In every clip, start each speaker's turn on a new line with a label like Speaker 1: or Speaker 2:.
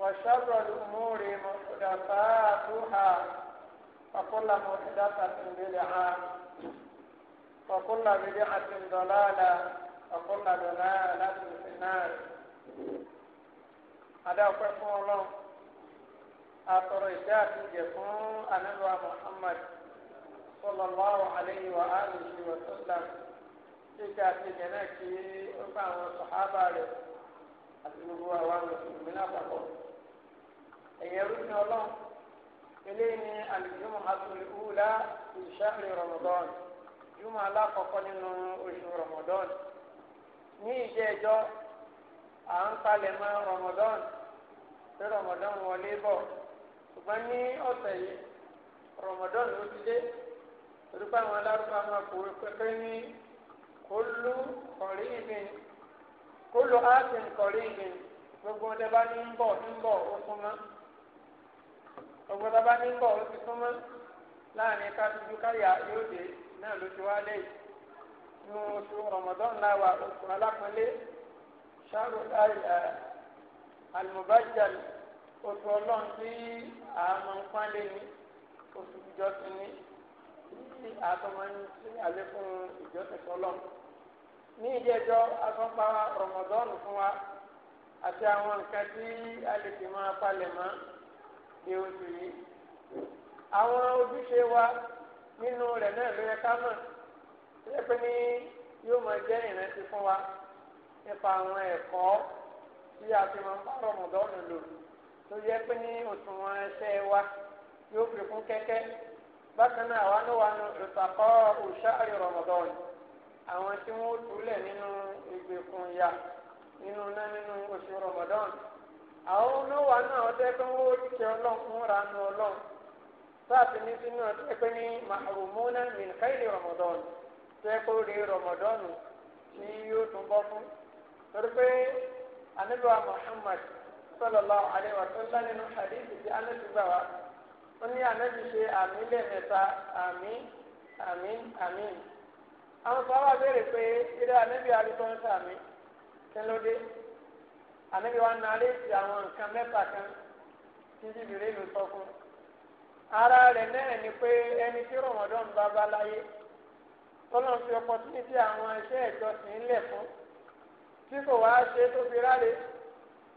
Speaker 1: وشر الأمور محدثاتها وكل محدثة بدعة وكل بدعة ضلالة وكل ضلالة في النار هذا هو الله أتريدات يكون أنبوى محمد صلى الله عليه وآله وسلم تيجا تيجا نكي أبا وصحابة àti gbogbo àwọn mùsùlùmí lápapọ̀. ẹ̀yẹ rúfin ọlọ́run eléyìí ni alìjúmọ̀ àtúlẹ̀ òwúlá ìṣàlè rọmọdọ́n júmọ̀ alákọ̀ọ́kọ́ nínú oṣù rọmọdọ́n ní ìjẹ́jọ́ à ń palẹ̀ mọ́ rọmọdọ́n pé rọmọdọ́n wọlé bọ̀ ṣùgbọ́n ní ọ̀sẹ̀ yìí rọmọdọ́n ló ti dé àwọn àwọn akòwé pẹpẹ ní kólú kọrí ìgbìn kólú áàtì kọrí ìgbìn gbogbo ọdẹ ọgbọ́dọ̀ bá ní bọ̀ ó ti súnmọ́ láàrin kájújú káyà yóò dé náà ló ti wá lẹ́yìn nínú oṣù Ramadan láwa oṣù alápọ̀nlé ṣáàrò alimobajal oṣù ọlọ́run tí àmọ́ ń pánlé ní oṣù ìjọsìn ní tí àtọmọ ń ṣe àlékún ìjọsìn fọlọ́n ní ìjẹjọ́ asọ́npa Ramadan fún wa àti àwọn nǹkan tí a lè fi máa palẹ̀ mọ́ ní oṣù yìí àwọn ojúṣe wa nínú rẹ̀ náà ló yẹ ká mọ̀ tó yẹ pé ní yóò máa jẹ́ ìrántí fún wa nípa àwọn ẹ̀kọ́ tí a fi máa ń bá rọmọdọ́nù lò tó yẹ pé ní òṣùwọ̀n ẹsẹ̀ wa yóò fi kún kẹ́kẹ́ bákan náà àwa ló wà nù ìpàkọ́ òṣàrí rọmọdọ́nù àwọn tí wọ́n túlẹ̀ nínú ìgbèkùn ìyà nínú náà nínú oṣù rọmọdọ́nù àwọn oníwà náà ọdẹ pé wọn ó jíjẹ ọlọ́run fún ranu ọlọ́run sáàtì ní sínú ọdẹ pé ní mahrumuna min khayri Ramadan tẹ kó rí Ramadan tí yóò tún bọ́ fún torí pé anabiwa Muhammad sallallahu alaihi wa sallam nínú hadith ti anabi gbà wá ó ní anabi ṣe àmì lẹ́ẹ̀mẹ́ta àmì àmì àmì àwọn sábà béèrè pé eré anabi arúgbó ń sàmì kí ló dé ànábi wa nà alẹ́ ti àwọn nǹkan mẹ́ta kan tí jìbìrì ló sọ fún
Speaker 2: ara rẹ̀ náà ni pé ẹni tí
Speaker 1: rọmọdún bá bá láyé tọ́lọ́ fi ọpọtúnìtì àwọn iṣẹ́ ìjọsìn ńlẹ̀ fún tí kò wá ṣe tó fi ráre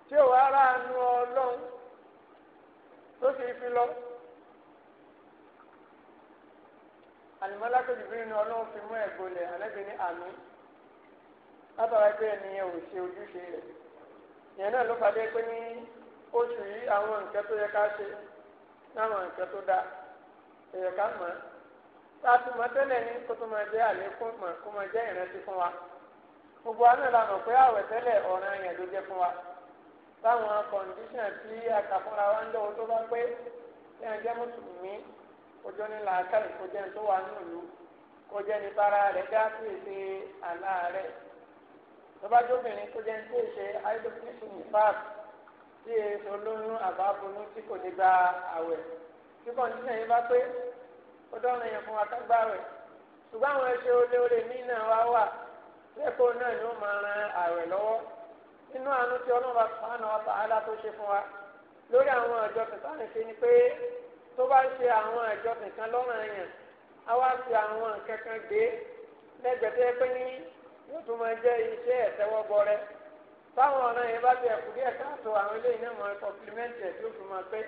Speaker 1: tí ò wá ráàánú ọlọ́run tó fi fi lọ. àlùmọ́lá tó jìbìrì ni ọlọ́run fi mú ẹ̀gbọ́n lẹ̀ àlẹ́bí ní àmì látara pé ẹnìyẹn ò ṣe ojúṣe rẹ̀ yẹn náà ló fàdé pé ní oṣù yìí àwọn nǹkan tó yẹ ká ṣe láwọn nǹkan tó dáa èyẹ ká mọ̀ ẹ́ sátúmọ̀ tẹ́lẹ̀ ní kó tó máa jẹ́ àlékún mọ̀ kó máa jẹ́ ìrántí fún wa gbogbo àná la mọ̀ pé àwẹ̀ tẹ́lẹ̀ ọ̀ràn yẹn ló jẹ́ fún wa báwọn kọ̀ǹdíṣàn tí akàfúnra wa ń lọ́wọ́ tó bá pé ẹ̀yìn jẹ́ mùsùlùmí ojú ní làákàyè kó jẹ́ tó wà ní ìlú kó jẹ́ ní bára rẹ̀ dá sí èsè àlá rẹ̀ tọ́bájóbìnrin tó jẹ́ ní ṣe àìdókítù nifas tí èso lóyún àbábonú tí kò ní gba àwẹ̀ tí kọ̀ǹtínà yẹn bá pé ó dọ́rin yẹn fún akágbá rẹ̀ ṣùgbọ́n àwọn ẹṣẹ́ olóore mí náà wá wà lẹ́kọ̀ọ́ náà ni ó máa ran àwẹ̀ lọ́wọ́ nínú àánú tí ọlọ́run subhanahu wa ta'ala tó ṣe fún wa lórí àwọn ọjọ́ kẹsàn ṣe ni pé tó bá ṣe àwọn ọjọ́ kẹsàn lọ́rùn àyàn á wá fi àwọn nǹkan yóò tún máa jẹ́ iṣẹ́ ẹ̀tẹ́wọ́gbọ rẹ táwọn ọ̀nà yẹn bá ti ẹ̀kú díẹ̀ káàtó àwọn eléyìí náà máa kọ́pìlímẹ́ǹtì ẹ̀ tó fi máa pé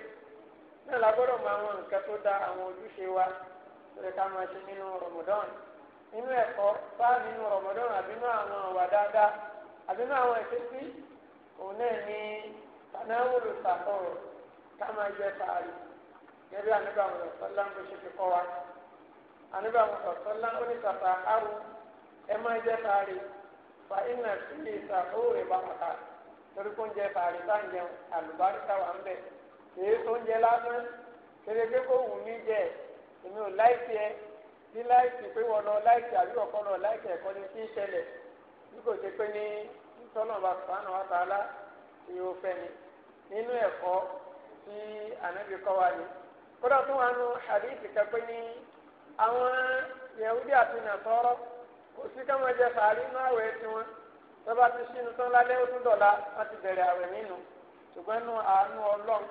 Speaker 1: náà la gbọ́dọ̀ máa wọn nǹkan tó da àwọn ojúṣe wa lórí ká máa ṣe nínú rọmọdán nínú ẹ̀kọ́ bá nínú rọmọdán àbínú àwọn àwà dáadáa àbínú àwọn ìṣesí òun náà ní tanáwòlù sàkọrọ ká máa jẹ sàárì gẹ́gẹ́ bí anábàámu sọ̀tọ́lá ń bó ṣe fi kọ́ wa anábàámu ẹ máa jẹ sáré fa iná sí ìsàkóòrè bàbàkà torí kó ń jẹ sáré tá ń jẹun àlùbáríkà wà ń bẹ èyí tó ń jẹ lásán kéréké kó wù mí jẹ èmi ò láìsí ẹ láìsí pé wọn lọ láìsí ọkọ láìsí ẹkọ kí bí kò ṣe pé ní bá fẹ nínú tí wa ni kódà tó wà nù kò sí káwọn jẹ sàárì inú àwẹ̀ tiwọn tọ́ba ti sínú tán lálẹ́ ó tún dọ̀la wọ́n ti bẹ̀rẹ̀ àwẹ̀ nínú ṣùgbọ́n inú àánú ọlọ́run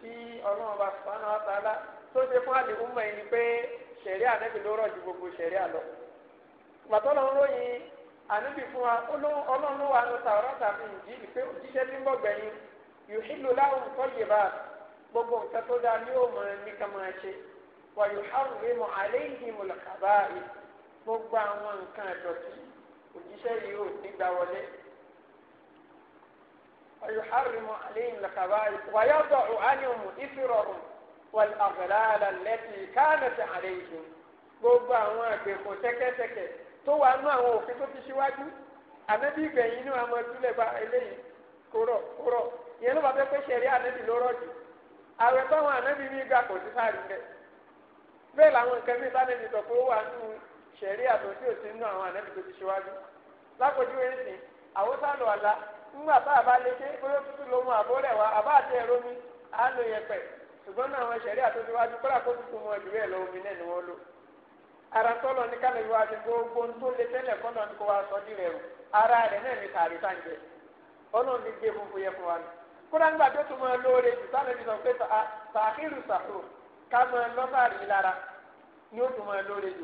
Speaker 1: tí ọlọ́run bá sọ́nà ọ̀tàlá tó ṣe fún àdìgún mọ̀ ẹni pé ṣẹ̀rí ànẹ́bí ló rọ̀ ju gbogbo ṣẹ̀rí àlọ́ gbàtọ́ lọ́n lóyin ànẹ́bí fún wa ọlọ́run ló wà ní tàwọn tàbí ìjì pé òjíṣẹ́ tí ń bọ̀ gbẹ̀yìn yòhílò láwùn tọ́yè bá gbogbo nǹkan tó dáa ní òmùrẹ́ ní kàmáṣe wà yòhárùn mímọ́ àlẹ́ ìhìn mọ̀lẹ́kàbáyé gbogbo àwọn nǹkan ẹ̀dọ̀tí òjíṣẹ́ yìí ò nígbà wọlé. ويحرم عليهم الخبائث ويضع عنهم إثرهم والأغلال التي كانت عليهم gbogbo àwọn àgbẹ̀kọ̀ tẹ́kẹ́tẹ́kẹ́ tó wà nú àwọn òfin tó ti ṣíwájú ànábì ìgbẹ̀yìn inú àwọn ẹtúlẹ̀ bá eléyìí kúrọ̀ kúrọ̀ ìyẹn ló bá pé ṣẹ̀rí àtọ̀tí ò sí nínú àwọn ànábì tó ti ṣíwájú lápòjúwe ń sìn àwòsàn lò àlá ńgbà bá a bá lè ṣe bóyá tútù ló mú àbórẹ̀ wá àbá àti ẹ̀rọ mi à ń lo yẹ̀pẹ̀ ṣùgbọ́n náà àwọn ṣẹ̀rí àtọ̀tí wájú kọ́lá kó mọ ẹ̀ lọ omi náà ni wọ́n lò ara tọ́lọ ní kálẹ̀ ti gbogbo tó lé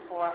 Speaker 1: sọ o tún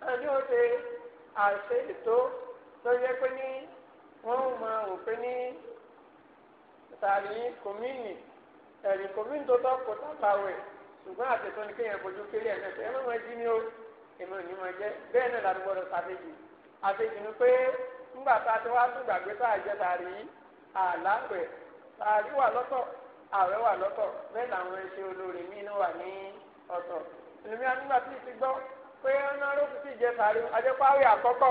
Speaker 1: ẹni ó ṣe àṣẹ ètò tó yẹ pé ní wọ́n mọ òpin ní tàbí kòmíìnì ẹ̀rì kòmíìnì tó tọ́ kò tàbàwẹ̀ ṣùgbọ́n àtẹ̀tọ́ ni kéèyàn fojú kéré ẹ̀ mẹ́fẹ́ ẹ̀rọ máa jí ní o èmi ò ní máa jẹ bẹ́ẹ̀ náà láti gbọ́dọ̀ sàbẹ̀jì àbẹ̀jì ni pé ńgbà tá a ti wá gbàgbé tá a jẹ tàrí àlápẹ̀ tàrí wà lọ́tọ̀ àwẹ̀ wà lọ́tọ̀ bẹ́ẹ̀ làwọn ẹṣẹ́ olórí mi náà wà ní ọ̀tọ̀ èmi ànígbà tí ì ti gbọ́ pé ọ̀nà ló ti jẹ sàárì ajẹ́páwé àkọ́kọ́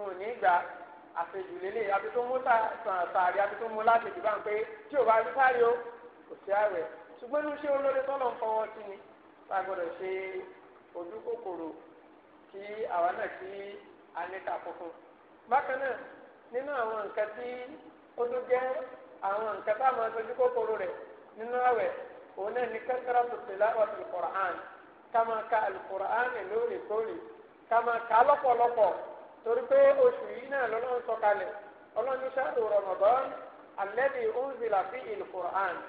Speaker 1: òun ní gbà àfẹjù lélẹ̀ àti tó mú sàárì àti tó mú láti jù bá ń pé tí ò bá rí sàárì o kò sí àwẹ̀ ṣùgbọ́n ní ṣé olórí tọ́lọ̀ ń fọwọ́ sí ni bá a gbọ́dọ̀ ṣe ojú kòkòrò kí àwa náà kí a ní funfun. bákan náà nínú àwọn nǹkan tí ó tó jẹ́ àwọn nǹkan táwọn ojú kòkòrò rẹ̀ nínú àwẹ̀ òun náà ní kẹ́kẹ́rẹ́ tó tẹ̀lé àwọn tó Kùránì ká máa ka alukur'ani lóòrèkóòrè ká máa kà á lọ́pọ̀lọpọ̀ torí pé oṣù yìí náà lọ́lọ́run sọ kalẹ̀ ọlọ́run ṣáàrù rọmọdán alẹ́bí ounzila fi alukur'ani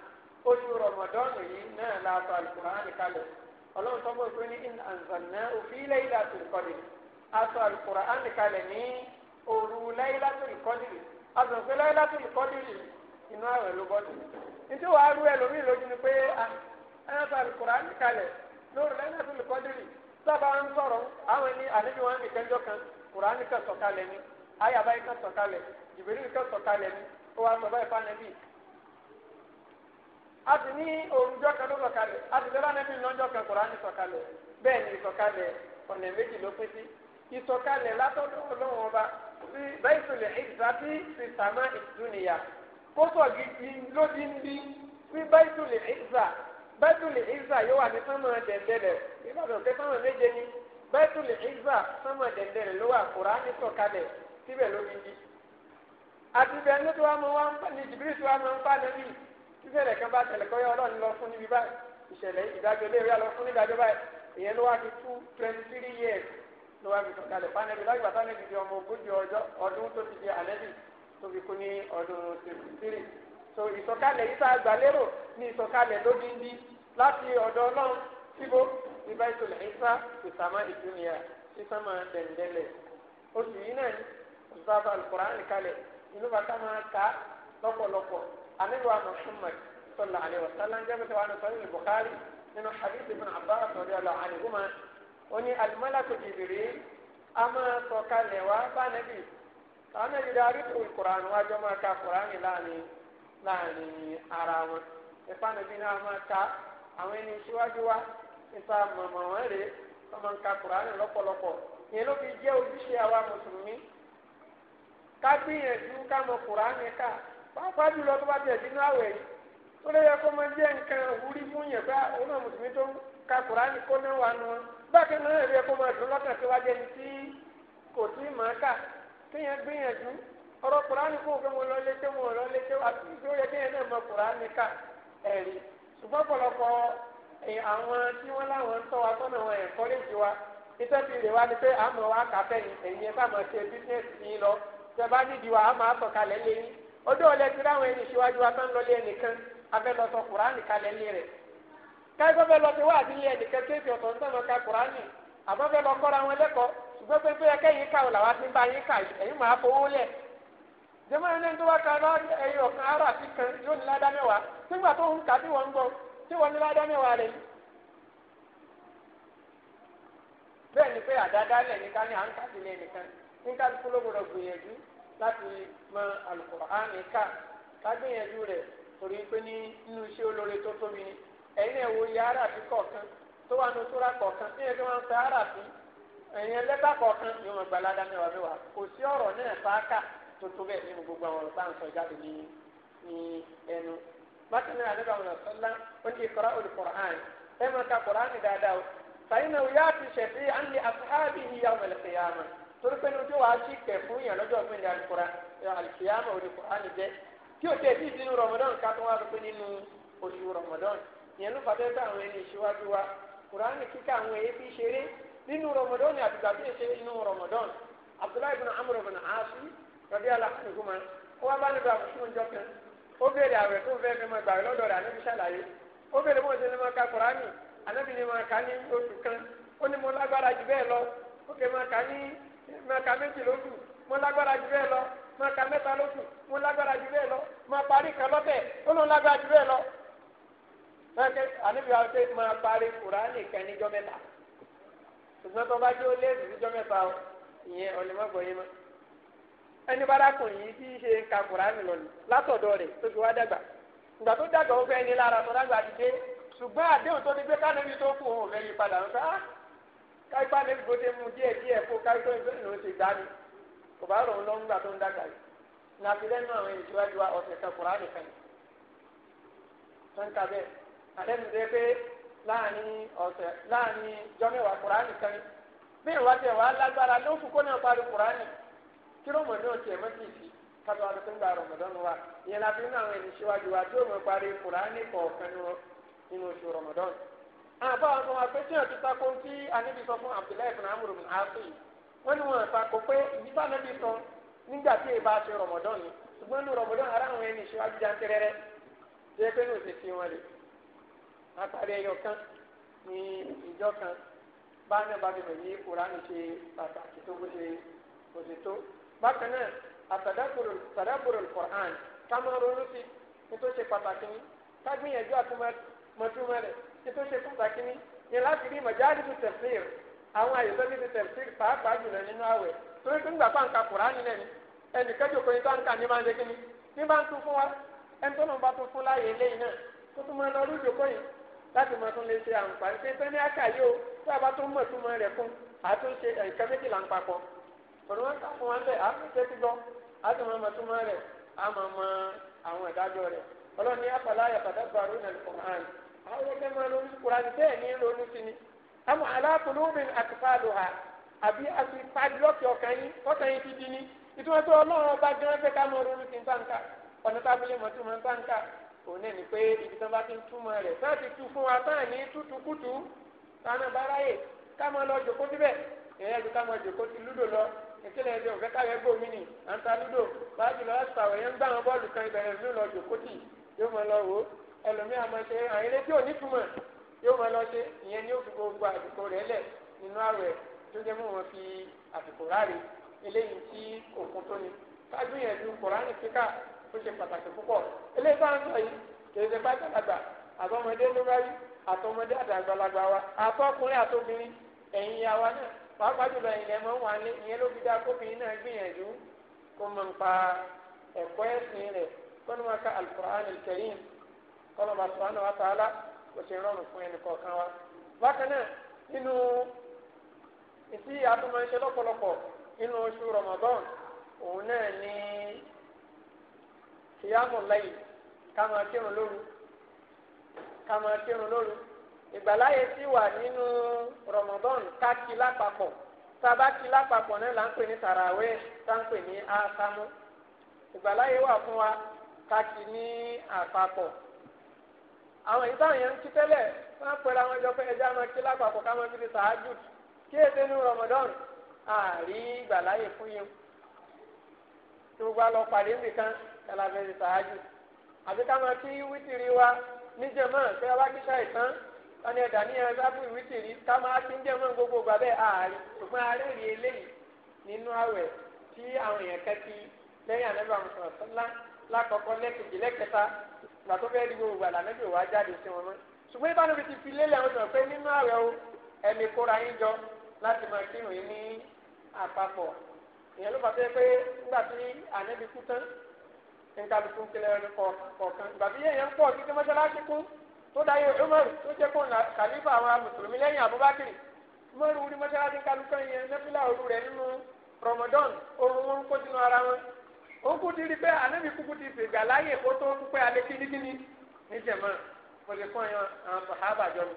Speaker 1: oṣù rọmọdán yìí náà la sọ alukur'ani kalẹ̀ ọlọ́run sọ fún mi ní ànzànà òfin lẹ́yìnlá tó kọ́lé a sọ alukur'ani kalẹ̀ ní òru lẹ́yìnlá tó kọ́lé lẹ́yìnlá tó inú àwẹ̀ ló nítorí wàá rú ẹlòmíì lójú ni pé ah, a lórí lẹ́yìn tó lè kọ́dírì sábà ń sọ̀rọ̀ àwọn ẹni àlejò wọn nìkan jọ kan kùránì kan sọ̀kalẹ̀ ni ayaba yìí kan sọ̀kalẹ̀ ìbéèrè kan sọ̀kalẹ̀ ni ó wàá sọ báyìí fáwọn ẹbí. a ti ní òrùjọ kan ló sọ̀kalẹ̀ a ti lọ́la nẹ́bí lọ́jọ́ kan kùránì sọ̀kalẹ̀ bẹ́ẹ̀ ni ìsọ̀kalẹ̀ ọ̀nà méjì ló pín sí ìsọ̀kalẹ̀ látọ̀dọ̀ ọlọ́run ọba sí bẹ́ẹ̀ ìsọ̀lẹ̀ ìgbàtí ti sàmà ìdúnìyà kó sọ̀gì bẹ́tùlì ìzà yóò wà ní sánmà dẹ̀ndẹ̀rẹ̀ ìbàdàn pé sánmà méje ni bẹ́tùlì ìzà sánmà dẹ̀ndẹ̀rẹ̀ ló wà Kùránì sọ̀kalẹ̀ síbẹ̀ ló fi di. àti bẹ́ẹ̀ ní tiwa mọ wọn ní jìbìrì tiwa mọ ń fànà bí sísẹ̀lẹ̀ kan bá tẹ̀lé kọ́yọ́ ọlọ́run lọ fún níbi báyìí ìṣẹ̀lẹ̀ ìdájọ́ lé ìyá lọ fún nídàjọ́ báyìí ìyẹn ló wá fi two twenty three years ló wá fi sọ̀kalẹ̀ fànàbí lágbà fànàbí di ọmọ ogójì ọdún tó ti di àlẹ́bí tó fi kú ní ọdún twenty three so ìsọ̀kalẹ̀ yìí tá a gbà lérò ní ìsọ̀kalẹ̀ lódindi láti ọ̀dọ̀ ọlọ́run síbó ìbá ìtòlẹ̀ ìsá ìsàmà ìdúnìyà ìsàmà dẹ̀ndẹ̀lẹ̀ oṣù yìí náà ìsọ̀fà alukóraní kalẹ̀ inú bàtà máa ka lọ́pọ̀lọpọ̀ anílùú Muhammad sọlá alẹ́ wa sálá ń jẹ́ bẹ́tẹ̀ wà ní sọ́yìn ní nínú hadith ibn Abbas sọ̀rọ̀ àlọ́ àlùmá ó ní jìbìrì a máa sọ̀kalẹ̀ bá nàbì àwọn nàbì dáa rí tó kóran máa ka kóran láàrin láàrin ara wọn ìfá nàbí náà máa ka àwọn ẹni síwájú wa nípa mọ̀mọ́ wọn rèé wọ́n máa ń ka kùránì lọ́pọ̀lọpọ̀ ìyẹn ló fi jẹ́ ojúṣe àwa mùsùlùmí ká gbìyànjú ká mọ kùránì ká pàápàá jùlọ tó bá tẹ̀ sínú àwẹ̀ yìí ó lè yẹ kó máa jẹ́ nǹkan wúrí fún yẹn pé òun náà mùsùlùmí tó ń ka kùránì kó náà wà nù wọn bákan náà yẹ kó máa dùn lọ́kàn tó wá tí kò tí máa kà kéèyàn gbìyànjú ọ̀rọ̀ kùránì kò fẹ́ mo lọ létí mo lọ létí àti ìdí ó yẹ kéèyàn náà mọ kùránì ká ẹ̀rí ṣùgbọ́n pọ̀lọpọ̀ àwọn tí wọ́n láwọn ń wa tọ́nà wọn ẹ̀kọ́ lè wa iṣẹ́ ti lè ni pé àmọ́ wa bá mọ̀ ṣe bísíǹsì yín lọ nídìí wa ojú ọ̀lẹ́ ti ráwọn ẹni wa ẹnìkan lọ sọ kalẹ̀ lé rẹ̀ lọ wá àdílé ka lọ kọ́ra wọn lẹ́kọ̀ọ́ ṣùgbọ́n pé pé jẹ́mọ́ ẹni tó wá ka bá ẹyọ ọ̀kan ara fi kan yóò ní ládá mẹ́wàá nígbà tó ń kà tí wọ́n ń gbọ́ tí wọ́n ní ládá mẹ́wàá rẹ̀ yìí. bẹ́ẹ̀ ni pé àdáadáa lẹ̀ nìkan ní à ń kàdí lẹ̀ nìkan ní kálukú ló gbọdọ̀ gbìyànjú láti mọ Al-Kùránì ká kágbìyànjú rẹ̀ torí pé ní inú iṣẹ́ olóore tó tóbi ni ẹ̀yin ẹ̀wò iye ara fi kọ̀ọ̀kan tó wà ní sura kọ̀ọ̀kan ní ẹgbẹ́ wọn fẹ́ ara fi ẹ̀yin ẹlẹ́bà kọ̀ọ̀kan yóò mọ̀ gbà ládá mẹ́wàá mẹ́wàá kò sí ọ̀rọ̀ náà fáká tó tó bẹ́ẹ̀ nínú gbogbo àwọn ọ̀rọ̀ sáǹsọ̀ jáde ní ní ẹnu. bákan náà àdébà wọn sọlá ó ní ìkọ́ra olùkọ́ra àn ẹ máa ka kùránì dáadáa o sàyìn náà yóò ti ṣẹ̀fí à ń lè àtúhábì yìí yàwó ẹlẹ́kẹ̀yàmà torí pé ní ojú wa ti kẹ̀ fún yàn lọ́jọ́ ọ̀gbìn ní alukura alukiyama olùkọ́ránì jẹ́ tí o tẹ̀ sí ìdínú rọmọdán ká tó wá lọ pé nínú oṣù rọmọdán yẹn ló fàtẹ́ bá àwọn ẹni ìṣíwájú wa kùránì kíkà àwọn èyí fi ṣeré nínú rọmọdán àtìgbà tí ì rọ̀bí alákùnrin ó wá bá níbi àbùkù ọjọ́ kan ó béèrè àwẹ̀ tó ń fẹ́ fẹ́ máa gbàwé lọ́dọ̀ rẹ̀ ànábi ṣàlàyé ó béèrè bó ń ṣe ní máa ka kùránì ànábi ní máa ka ní oṣù kan ó ní mo lágbára jù bẹ́ẹ̀ lọ ó kè máa ka ní máa ka méjì lóṣù mo lágbára jù bẹ́ẹ̀ lọ máa ka mẹ́ta lóṣù mo lágbára jù bẹ́ẹ̀ lọ máa parí kan lọ́tẹ̀ ó ló lágbára jù bẹ́ẹ̀ lọ. ànábi wa ṣe máa parí kùránì kan níjọ́ mẹ́ta ṣùgbọ́n tó bá jẹ́ ó lé ẹni bárakùn yìí tí í ṣe kùránì lọ látọ̀dọ̀ rẹ̀ tó fi wá dàgbà ìgbà tó dàgbà ó fẹ́ ní lára tó dàgbà ti dé ṣùgbọ́n àdéhùn tó ti gbé kánẹ́bí tó kù òun fẹ́ yí padà ń sá ah, káyipá níbi tó ti mú díẹ̀ díẹ̀ kó káyipá níbi tó ti gbá ni kò bá tó ń dàgbà yìí lẹ́nu àwọn kan kùránì kan kí rọmọdún ọtí ẹ mọtì sí kájọ tó ń gba rọmọdún wa ìyẹn la fi ń àwọn ẹni síwájú wa tí ó mọ parí kùránì kọ̀ọ̀kan nínú oṣù rọmọdún. àbá àwọn ọmọ apẹtẹ ọtí takò tí anabi sọ fún abdullahi ibn amr wọn takò pé ìdíbà sọ nígbà tí èèbá ṣe ni ṣùgbọ́n ní ara àwọn ẹni bákan náà àtàdàkùrù tàdàkùrù Qur'an kámá ronú sí nítorí ṣe pàtàkì ní kágbìyànjú àtúmọ̀túmọ̀ rẹ̀ nítorí ṣe pàtàkì ní ní láti rí mọ̀jáde ti tafsir àwọn àyẹ̀tọ́ ti ti tafsir pàápàá jùlọ nínú àwẹ̀ torí tó ń gbà pàǹkà Qur'an lẹ́ni ẹnì kẹjọ kò ní tó ń kà ní máa ń ṣe kíní ní bá ń tún fún wa ẹni tó náà bá tún fún láàyè eléyìí náà tó tún máa lọ lójú kọ́ yìí láti máa tún lè ṣe àǹfààní pé ní àkàyè o tó a bá tún mọ̀ rẹ̀ fún àtúnṣe ẹ̀ka méjìlá ń papọ̀ ọ̀rọ̀ wọn kà fún wa bẹ́ẹ̀ á fi tẹ́tí gbọ́ á sì máa ma túmọ̀ rẹ̀ á máa ma àwọn ìdájọ́ rẹ̀ ọlọ́run ní afọlá yàtọ̀dá gbàrú nà lùkùnrán àwọn ẹgbẹ́ máa lórí kùránì bẹ́ẹ̀ ní lórí sí ni àmọ́ aláàpọ̀lọ́mìn àtìfáàlù ha àbí àti padlọ́ọ̀kì ọ̀kan yín ọ̀kan yín ti di ni ìtumọ̀ tó ọlọ́run ọba gan fẹ́ ká mọ lórí sí nǹkanka ọ̀nà tábìlì mọ̀ tó mọ̀ nǹkanka òun náà ni pé ibi tán bá ti ń túmọ̀ rẹ̀ sáà tu fún wa sáà ní tútukùtù sáà náà bá ráyè ká mọ lọ jòkó síbẹ̀ ẹ̀yẹ́ ju ká mọ jòkó ti lúdò lọ ìkíni ẹni òfẹ́ káyọ̀ gbòmí ni àǹtà lúdò báàgì lọ́wọ́ sàwọ̀ yẹn ń gbà wọn bọ́ọ̀lù kan ìbẹ̀rẹ̀ ló lọ jòkótì yóò mọ lọ wò ó ẹlòmíà máa ṣe àyìn létí òní yóò mọ lọ ṣe ìyẹn ni ó fi gbogbo àsìkò rẹ̀ lẹ̀ nínú àwẹ̀ tó jẹ́ mú wọn fi àsìkò ráre eléyìí tí òkun tó ni kájú yẹn ju kòránì kíkà ó ṣe pàtàkì púpọ̀ eléyìí bá ń sọ yìí kèé ṣe bá jàdàgbà àtọmọdé ló ráyé àtọmọdé àtàgbàlagbà wa àtọkùnrin àtobìnrin ẹ̀yin ya wa náà pàápàá jùlọ ilẹ̀ mọ́ wà ní ìyẹn ló fi dá kófin náà gbìyànjú kó mọ̀ n pa ẹ̀kọ́ ẹ̀sìn rẹ̀ kọ́nù máa ka alukur'an kẹrin kọ́nù máa sọ àná wa tààlà kò ṣe rọrùn fún ẹnì kọ̀ọ̀kan wa. bákan náà nínú ìtí àtúmọ̀ṣe lọ́pọ̀lọpọ̀ nínú oṣù Ramadan òun náà ní kìyàmù lẹ́yìn ká máa kírun lóru ká máa kírun lóru ìgbàláyé ti wà nínú Ramadan káàkiri lápapọ̀ sábàkì lápapọ̀ náà là ń pè ní tàràwé tá ń pè ní ásámú ìgbàláyé wà fún wa káàkiri ní àpapọ̀ àwọn èyí táwọn yẹn ń kí tẹ́lẹ̀ wọ́n pẹ̀lú àwọn ìjọ pé ẹja máa kí lápapọ̀ ká máa fi di sàájù kí èdè ní Ramadan àárí ìgbàláyé fún yẹn tí gbogbo àlọ́ pàdé nìkan kálá fẹ́ di sàájù àbí ká máa kí wítìrì wa níjẹ̀ mọ́ ọ̀nà ẹ̀dá ní ẹ̀rọ sábà ìwé tèrí ká máa ti ń jẹ́ mọ́ gbogbo ìgbà bẹ́ẹ̀ ààrẹ ṣùgbọ́n ààrẹ rí eléyìí nínú àwẹ̀ tí àwọn èèyàn kẹ́ ti lẹ́yìn ànábì àmùsùn ọ̀sánlá lákọ̀ọ́kọ́ lẹ́kẹ̀jì lẹ́kẹta ìgbà tó fẹ́ẹ́ di gbogbo ìgbà lànàbì wá jáde sí wọn mọ́ ṣùgbọ́n ìbánu fi ti fi lélẹ̀ àwọn sọ̀rọ̀ pé nínú àwẹ̀ o ẹ̀mí kóra yín jọ láti máa kírun yín ní àpapọ̀ ìyẹn ló fàtẹ́ pé nígbà tí ànábì kú tán nǹkan àbùkù kẹlẹ́ ọ̀kan ìgbà tí yẹn yẹn ń pọ̀ títí mọ́ṣáláṣí kún tó dáyé Umaru tó jẹ́ kó kàlífà àwọn mùsùlùmí lẹ́yìn Abubakar Umaru wúni mọ́ṣáláṣí kálukọ́ yẹn nẹ́fílà òru rẹ̀ nínú Ramadan òru wọn kó sínú ara wọn ó kú ti rí pé anábì kúkú ti fègbà láyè kó tó kú pé alẹ́ kínníkínní ní jẹ̀mọ́ kò lè kọ́ yan àwọn sàhábà jọ mi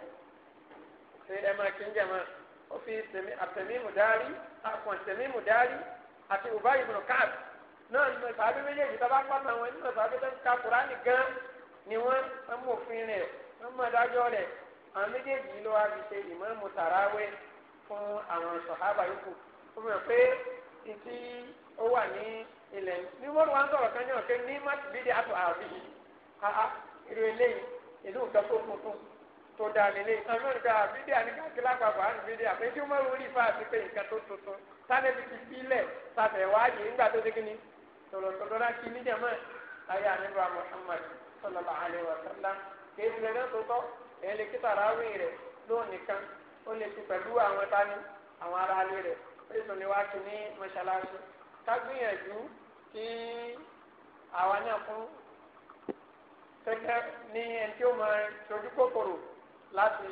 Speaker 1: ṣe ẹ máa kí ń jẹ̀mọ́ ó fi àtẹ̀mí mùdárí àpọ̀ àtẹ̀mí mùdárí àti Ubay ibn Ka'b náà ní ìfàbí méjèèjì tó bá pàtàkì wọn nínú ìfàbí tó ń ka Kùránì gan-an. ni wọ́n ń rẹ rẹ̀ wọ́n mọ̀ dájọ́ rẹ̀ àwọn méjèèjì ló wá fi ṣe ìmáàmù tàràwẹ̀ fún àwọn sọ̀hábà yòókù ó mọ̀ pé ìtì ó wà ní ilẹ̀ ní wọ́n wá ń sọ̀rọ̀ kan yàn ní mátìbídì àtọ̀ àbí haha irú eléyìí ìlú nǹkan tuntun tó dá nílé tí wọ́n àti pé nǹkan tó tuntun sálẹ̀bí ti nígbà tó láti níjàmọ́ ayé sọlọ́lá alẹ́ wàsálà kìí ṣe lẹ́tọ́ tọ́ èyí lè kí tàràwí rẹ̀ lónìí kan ó lè fi pẹ̀lú àwọn tání àwọn ará alẹ́ rẹ̀ pẹ̀lú ni wàá ti ní mọ́ṣáláṣí ká gbìyànjú kí àwa náà fún kẹ́kẹ́ ní ẹni tí ó mọ sojú kòkòrò láti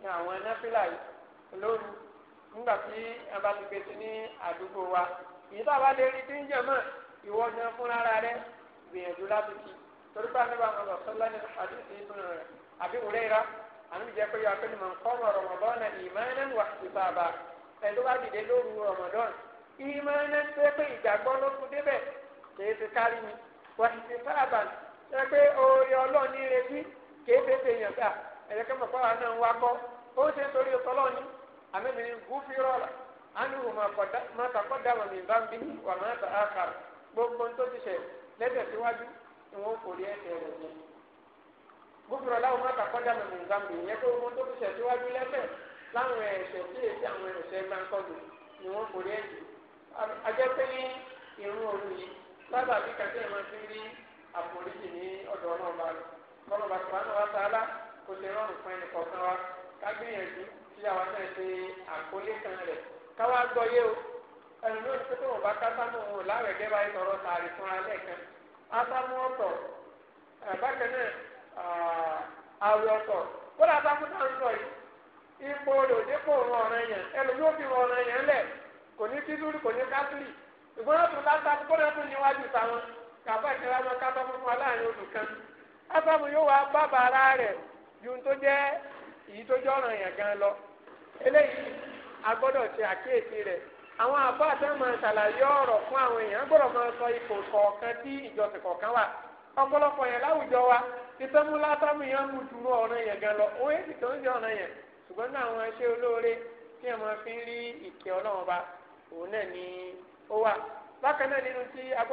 Speaker 1: ní àwọn náfìlà lóru nígbà tí ẹ bá ti gbèsè ní àdúgbò wa ìyí tá a bá lè rí tí ń jẹ mọ́ ìwọ gan fúnra rẹ gbìyànjú láti kí torí pé àníbà àwọn ọ̀sọ́lá ní àdìsí ìbùnú rẹ̀ àbí òrẹ́ra àmì ìjẹ́ pé yọ akẹ́lẹ́ máa ń kọ́ ọ̀rọ̀ Ramadan ìmọ̀ẹ́nẹ́nu wà sí bàbá ẹni tó bá dìde lóru Ramadan ìmọ̀ẹ́nẹ́ tó pé ìgbàgbọ́ ló kú débẹ̀ kìí fi kárí mi wà sí bàbá ẹ pé oore Ọlọ́run ní retí kìí fi fi yàn gbà ẹ̀yẹ kẹ́mọ̀ pàrọ̀ náà ń wá kọ́ ó ṣe torí ọtọ́lọ́ọ̀ni àmẹ́bìnrin gúfírọ́ọ̀lá anu ma kakọ dama mi ba bi wa ma ta akara gbogbo ntọ ti ṣe lẹ́ṣẹ̀ síwájú ni wọ́n forí ẹ̀ṣẹ̀ rẹ̀ mú. gbogbo aláwọ̀ má kàkọ́ dàmú ní gbàmbé ìyẹn tó wọn tó fi ṣẹ̀síwájú lẹ́fẹ̀ láwọn ẹ̀ṣẹ̀ tí èsì àwọn ẹ̀ṣẹ̀ máa ń kọlu ni wọ́n forí ẹ̀ṣẹ̀. ajẹ́ pé ní irun òru yìí sábà bí máa rí àforíjì ní ṣe rọrùn fún ẹnì wa ká gbìyànjú tí àwa náà ṣe àkólé kan káwá yé o ẹnu tó wọn asamu ọ̀tọ̀ eh, bákan náà a ah, ọ̀tọ̀ kódà sáfù náà ń sọ yìí ipò ya kò rún ọ̀rọ̀ ẹlòmí ò fi rún ọ̀rọ̀ kò ní títúrú kò ní kásìlì ìgbọ́n náà tún lásáfù kódà tún níwájú táwọn kàfá ìkẹlẹ fún oṣù kan asamu yóò wá bàbà ara rẹ̀ ju tó jẹ́ èyí tó jẹ́ yẹn gan lọ eléyìí a ṣe àkíyèsí rẹ̀ àwọn àbá àtẹ́mọ̀ ṣàlàyé ọ̀rọ̀ fún àwọn èèyàn gbọ́dọ̀ máa sọ ipò kọ̀ọ̀kan tí ìjọsìn kọ̀ọ̀kan wà ọ̀pọ̀lọpọ̀ yẹn láwùjọ wa ìtẹ́mú látàmú yẹn mú dúró ọrụ yẹn gan lọ òun èsì tó ń jẹ́ yẹn ṣùgbọ́n ní àwọn fi ń rí ìkẹ́ ọlọ́run ni ó wà bákan náà nínú tí a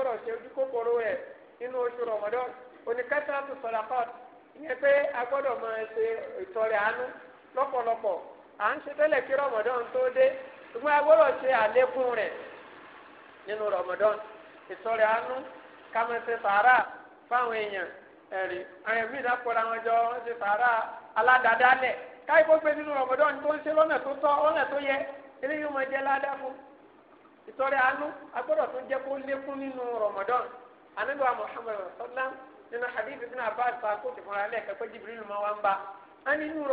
Speaker 1: ṣùgbọ́n a gbọ́dọ̀ ṣe àlékún rẹ̀ nínú Ramadan ìsọ̀rẹ̀ àánú kámẹ́sẹ̀ sàárà fáwọn èèyàn ẹ̀rí àwọn ẹ̀mí ìdákọ̀ọ́ra wọn jọ wọ́n ṣe sàárà aládàádálẹ̀ káyì kó nínú Ramadan tó ń ṣe lọ́nà tó tọ́ lọ́nà tó yẹ eléyìí máa jẹ́ ládàá fún ìsọ̀rẹ̀ àánú a gbọ́dọ̀ tó jẹ́ kó lékún nínú sallam nínú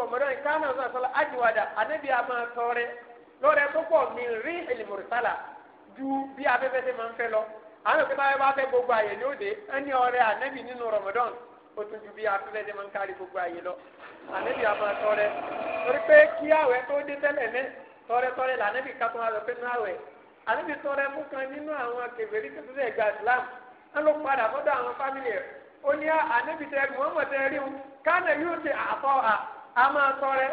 Speaker 1: lọ́rẹ̀ tó pọ̀ mi rí ìlìmọ̀rìsálà ju bí afẹ́fẹ́ ṣe máa ń fẹ́ lọ àwọn òkè táwọn bá fẹ́ gbogbo àyè ní òde ẹni ọ̀rẹ́ ànẹ́bì nínú Ramadan ó tún ju bí afẹ́fẹ́ ṣe máa ń kárí gbogbo àyè lọ ànẹ́bì àmọ́ tọrẹ torí pé kí àwẹ̀ tó dé tẹ́lẹ̀ mẹ́ tọrẹ tọrẹ lànẹ́bì kápẹ́ wọn lọ pé nínú àwẹ̀ ànẹ́bì tọrẹ fún kan nínú àwọn kèfèrí tuntun ẹ̀gbà Islam ẹ ló padà fọ́dọ̀ àwọn fámìlì ẹ̀ ó ní ànẹ́bì tẹ́ mọ́mọ́ tẹ́ rí wọn kánà yóò ti àtọ́ à á máa tọrẹ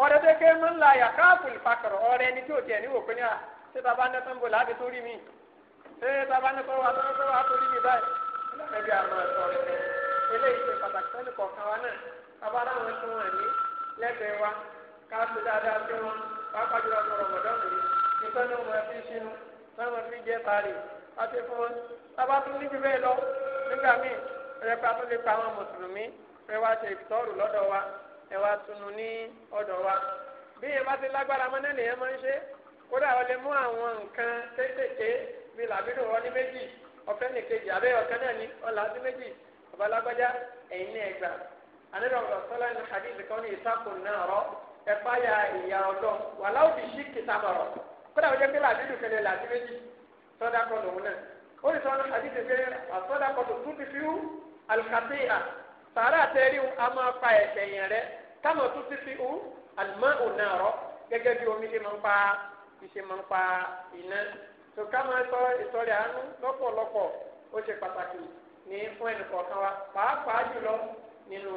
Speaker 1: ọ̀rẹ́ tó ké mọ́ ńlá yà káàbùlì fakọ̀rọ̀ ọ̀rẹ́ ẹni tí ò tiẹ̀ níwò pé ní à ṣé bàbá ní ọ̀sán láti tó rí mi ṣé bàbá ní ọ̀sán wà tó rí mi báyìí ẹbí àmọ́ ẹ̀sọ́ rẹ̀ eléyìí ṣe pàtàkì sẹ́ni kọ̀ọ̀kan wa náà bàbá láwọn tó wà ní lẹ́gbẹ̀ẹ́ wa káàtó dáadáa sí wọn pàápàá jùlọ sọ̀rọ̀ mọ̀dọ́mù yìí nìkan ní wọn fi sínú táwọn fi jẹ́ parí àti fún wọn bàbá tún níbi bẹ́ẹ̀ lọ nígbà míì rẹpa tó pa àwọn mùsùlùmí rẹwà ṣe ìtọ́rù lọ́dọ̀ wa ẹ wá tunu ní ọ̀dọ̀ wa bí yẹn bá ti lágbára mọ́ náà lèyẹn máa ń ṣe kódà ó lè mú àwọn nǹkan kéékèèké bíi làbídùn wọn ní méjì ọ̀fẹ́ nìkejì abẹ́ ọ̀kan náà ní ọ̀là sí méjì ọba lágbájá ẹ̀yin ní ẹgbà àníbà ọ̀dọ̀ sọ́lá ní hadith kan ní ìtakùn náà rọ ẹ̀pá ya ìyá ọ̀dọ́ wà láwùjì sí kìtàbọ̀rọ̀ kódà ó jẹ́ pé làbídùn kẹlẹ̀ làbí méjì sọ́dá kọ lòun náà ó lè sọ́nà hadith pé àsọ́dá kọ tó tún ti fi hù àlùkàtì à sàárà tẹ́rí a máa pa ẹ̀ṣẹ̀ yẹn rẹ́ kama tó ti fi hù àlùmọ́ ònà ọ̀rọ̀ gẹ́gẹ́ omi ṣe ma ń pa ṣe máa ń pa iná tó ká máa sọ ìsọ̀rẹ̀ àánú lọ́pọ̀lọpọ̀ ó ṣe pàtàkì ní fún ẹnì kọ̀ọ̀kan wa pàápàá jùlọ ala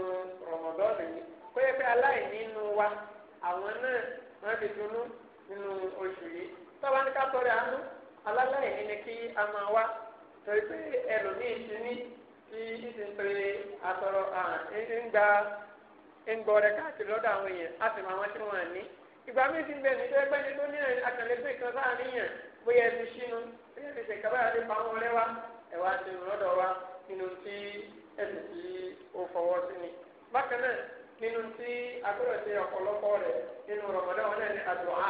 Speaker 1: rọmọdọ́ọ̀nù yìí kó yẹ pé aláìní inú wa àwọn náà oṣù yìí tọ́ba ní ká ni kí a ń gbọ́ rẹ lọ́dọ̀ àwọn èèyàn á sì máa wọ́n tí wọ́n ní. ìgbà mi ti bẹ̀ ní pẹ́pẹ́ ni tó ní àtàlẹ́gbẹ́ kan láàrin yàn bóyá ẹni sínú bóyá ẹni ṣe kábàá ti pa wọn lẹ́wà ẹ̀wà ti lọ́dọ̀ wa nínú tí ẹ̀sìn tí ó fọwọ́ sí ni. bákan náà nínú tí agbọ́dọ̀ ṣe ọ̀pọ̀lọpọ̀ rẹ̀ nínú Ramadan náà ni àdúà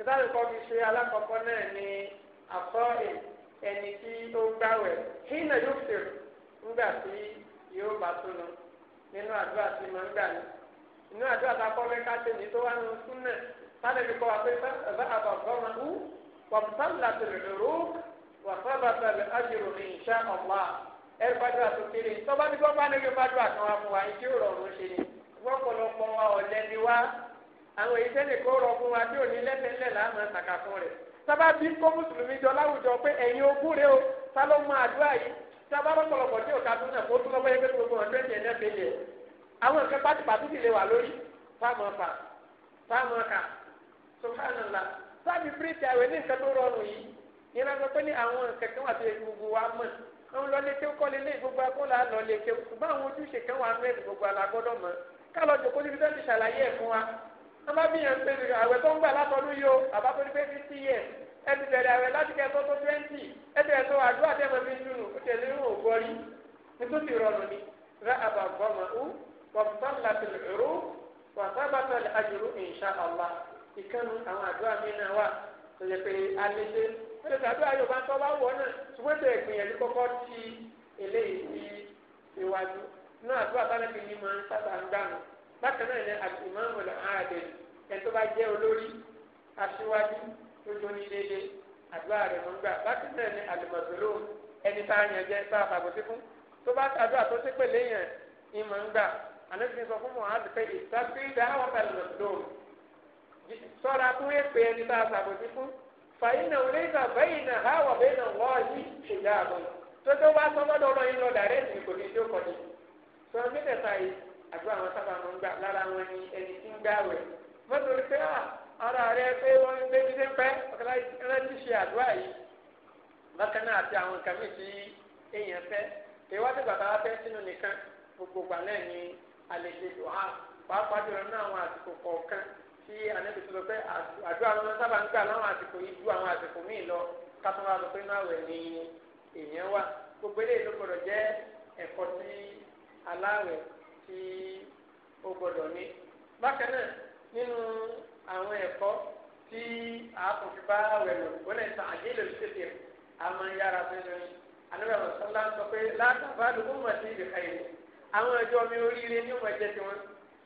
Speaker 1: ìtàlẹ̀ kọ́ fi ṣe alákọ̀ọ́kọ́ náà ní àkọ́ọ̀rì ẹni tí ó gbàwẹ̀ hínà yóò fèrè ńgbà tí yóò bá túnú nínú àdúrà tí màá ń gbà ní. inú àdúrà tá a kọ́ mẹ́ká ṣe ní tó wá nínú súnà sálẹ̀ bí kọ́ wa pé bá a bá bọ́ wọn wàbùsàn láti rè wàfẹ́ bá bẹ̀rẹ̀ ní ìṣá ọ̀gbà ẹ̀rù fàdúrà tó kéré tọ́ba ní gbọ́ bá nígbà fàdúrà kan wá fún wa ìdí òrọ̀rùn àwọn èyí tẹ́lẹ̀ kó rọ fún wa tí ò ní lẹ́sẹ̀ńlẹ̀ láàmú ṣàkà fún rẹ̀ sábà bí kó mùsùlùmí jọ láwùjọ pé ẹ̀yin ogún rẹ o ta ló mọ àdúrà yìí sábà lọ́pọ̀lọpọ̀ tí òkà tó náà kó tó lọ́wọ́ ẹgbẹ́ gbogbo ọ̀dọ́ ẹ̀jẹ̀ náà fẹ́ yẹ àwọn nǹkan pátìpátì ti lè wà lórí fáàmù ọ̀fà fáàmù ọ̀kà subhanallah sábì bíríkì àwẹ̀ ní nǹkan tó rọrùn yìí ìran sọ pé ní àwọn nǹkan wà tó gbogbo wa mọ̀ àwọn lọlé kéwù kọ́lé gbogbo akọ́lá lọlé kéwù àwọn ojúṣe kan wà gbogbo alágbọ́dọ̀ mọ́ ká jòkó níbi tó ti ṣàlàyé ẹ̀ fún wa sábà bí yẹn pé àwẹ̀ tó ń gbà látọdún yìí o àbá tó ní pé fifty years ẹ ti bẹ̀rẹ̀ àwẹ̀ láti kẹ́ tó tó twenty ẹ ti bẹ̀rẹ̀ tó àdúrà tẹ́ mọ̀ fi dùnú ó tẹ̀lé ń wò gọ́rí nítorí rọrùn ni rẹ àbà gbọ́mọ̀ ó wàtúntàn láti rú wàtúntàn láti àjùrú insha Allah ìkànnì àwọn àdúrà mi náà wà tó yẹ pé alẹ́ ṣe ẹ̀rọ tàbí ayọ̀bá tó bá wọ̀ náà ṣùgbọ́n tẹ̀ gbìyànjú kọ́kọ́ ti eléyìí ti iwájú náà àdúrà bákan náà ni al-imam ẹni tó bá jẹ́ olórí aṣíwájú tó lóní dédé àdúrà rẹ̀ ló ń gbà bákan náà ni al ẹni tá a yàn jẹ tá a fàbọ̀ sí fún tó bá tàdúrà tó ìmọ̀ ń gbà sọ fún sọ́ra tó yẹ pé ẹni tá a fàbọ̀ sí fún fàyínà oléjà bẹ́yìnà háwà bẹ́yìnà wọ́ọ̀yì ìyá àbọ̀ tó tó bá àdúrà wọn sábà máa ń gbà lára wọn ni ẹni tí ń gbà wẹ̀ mọ́tò rí pé ah, ara rẹ pé wọ́n ń débi dé pẹ́ ọ̀kadà rántí ṣe àdúrà yìí bákan náà àti àwọn nǹkan mìíràn tí èèyàn fẹ́ ìwádìí bàbá wa fẹ́ sínú nìkan gbogbo gbalẹ̀ ni àlejò dùn á pàápàá jùlọ náà àwọn àsìkò kọ̀ọ̀kan tí ànábì tó lọ pé àdúrà wọn sábà ń gbà láwọn àsìkò yìí ju àwọn àsìkò míì lọ kátó wa lọ pé náà wẹ̀ ni èèyàn wà gbogbo eléyìí ló gbọdọ̀ jẹ́ ẹ̀kọ́ sí aláwẹ̀ tí ó gbọdọ̀ ní. bákan náà nínú àwọn ẹ̀kọ́ tí àákùn fi bá àwẹ̀ lò ó lè ta àyè lè tètè àmọ́ yára fẹ́ràn yìí. àníbẹ̀ mọ̀sánlá ń sọ pé látàbá lùkú mọ̀ sí ìdìkà yìí àwọn ẹjọ́ mi oríire ní ìwọ̀n ẹ̀jẹ̀ tiwọn.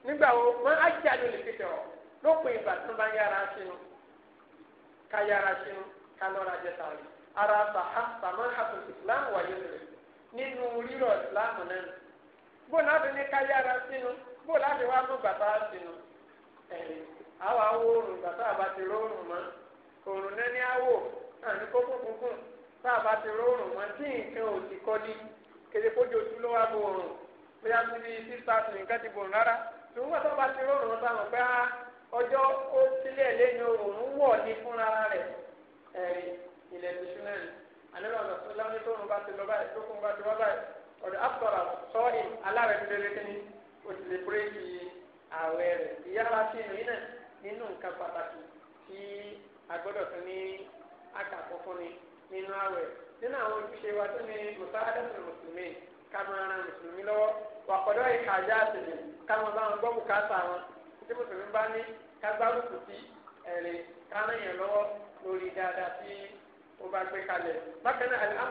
Speaker 1: nígbà wo mọ àjà ló lè tètè ọ̀ lópin ìgbà tó bá yára sínú ká yára sínú ká lọ́ra jẹ sàrẹ̀ ara sàmọ́ àtúntò islam wà yóò lè nínú rírọ̀ islam náà bó láti ní ká yára sínú bó láti wá mú bàtà sínú ẹ̀yìn àwọn awo oòrùn bàtà àbá ti róòrùn mọ́ oòrùn náà àní kókó kúnkún tá a bá ti tí nǹkan ò ti ní kéde kójú oṣù ti di sísá tó nǹkan ti rárá tòun pé ah, ọjọ́ ó sílẹ̀ wọ̀ ní fúnra rẹ̀ ọ̀dọ̀ àtọ̀rọ̀ sọ́ọ̀rì aláwẹ̀ tẹ́lẹ̀tẹ́ ni o ààwẹ̀ rẹ̀ ìyára sí ìrìn náà nínú nǹkan pàtàkì tí agbọ́dọ̀ ní àkàkọ́ fún ni nínú ààwẹ̀ nínú àwọn ojúṣe wa tó ní mùsùlùmí mùsùlùmí lọ́wọ́ àtẹ̀lẹ̀ bá wọn gbọ́ bùkátà wọn tí mùsùlùmí bá ní kágbárùkù sí ẹ̀rẹ̀ kánáyàn lọ́wọ́ lórí dáadáa tí ó bá gbé kalẹ̀ bákan náà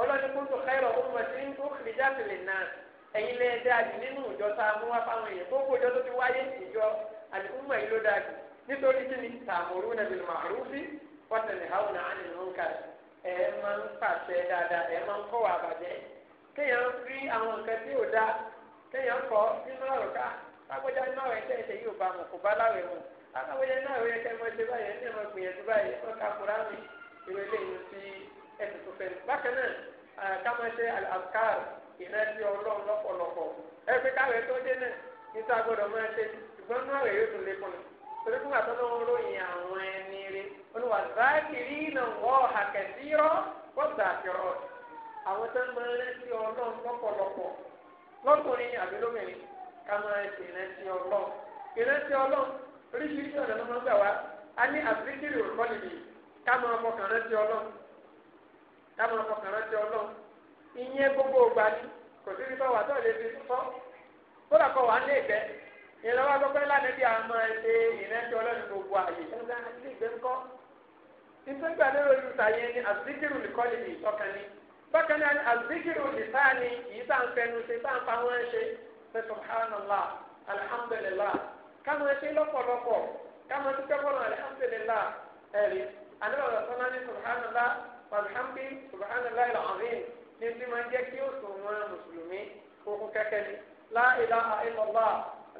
Speaker 1: ọlọ́ni kótó kẹ́rọ̀ ó mọ̀ sí ó kìlì jáfìlì náà ẹ̀yin lẹ́yìn tí a jù nínú ìjọ tá a mú wá fáwọn èèyàn gbogbo ìjọ tó ti wáyé ìjọ àdìgúnmọ̀ yìí ló dáa jù nítorí kí ni tààmùrú nàbí màrúfì pọ́tẹ̀lì hàwọn àánì nǹkan ẹ̀ máa ń pàṣẹ dáadáa ẹ̀ máa ń kọ́ wà bàjẹ́ kéèyàn rí àwọn nǹkan tí ò dáa kéèyàn kọ́ nínú ọ̀rọ̀ ká lágbọ́já ẹsẹ̀ tó fẹ́ bákan náà káwọn ṣe àkàr ìrántí ọlọ́run lọ́pọ̀lọpọ̀ ẹgbẹ́ káwé tó dé náà níta gbọ́dọ̀ máa ṣe ṣùgbọ́n náà rẹ̀ yóò tún lé fún mi torí fún àtọ́ náà wọ́n ròyìn àwọn ẹni rẹ̀ olùwà zákìrì náà wọ́ àkẹ́sírọ́ gbọ́dọ̀ àkẹ́rọ́ àwọn tó ń máa rántí ọlọ́run lọ́pọ̀lọpọ̀ lọ́kùnrin àbí lómìnir ká máa ṣe ìrántí ọlọ́run ìrántí ọlọ́run oríṣiríṣi ọ̀nà ló máa gbà wá a ní àbíríkìrì òrùkọ́ nìyí ká dábọ̀ lọ́kọ̀ kan rántí ọlọ́run ìyẹn gbogbo ògbà ni kò sí ní báwa tó lè fi fọ́ kódà kọ́ wà lé ìgbẹ́ ìlọ́wọ́ agbọ́pẹ́ lánàá bí a máa ṣe ìrántí ọlọ́run gbogbo àyè ẹ̀ka ilé ìgbẹ́ ńkọ́ ìtúgbà lérò ìrúta yẹn ni àzíkìrù nìkan lè ní ìtọ́ka ni bákan náà ni àzíkìrù nìkan ni kì í tàn fẹnu ṣe tàn fa wọn ṣe ṣe subhanallah alhamdulillah káwọn ṣe lọ́pọ̀lọpọ̀ káwọn ṣe pẹ́ fọ́nà alhamdulillah ẹ̀rí àdébàbà sọ́nà ní subhanallah alhamdi subhanallahi alazim ní ti máa ń jẹ́ kí òṣùwọ̀n mùsùlùmí kókó kẹ́kẹ́ ni la ilaha illallah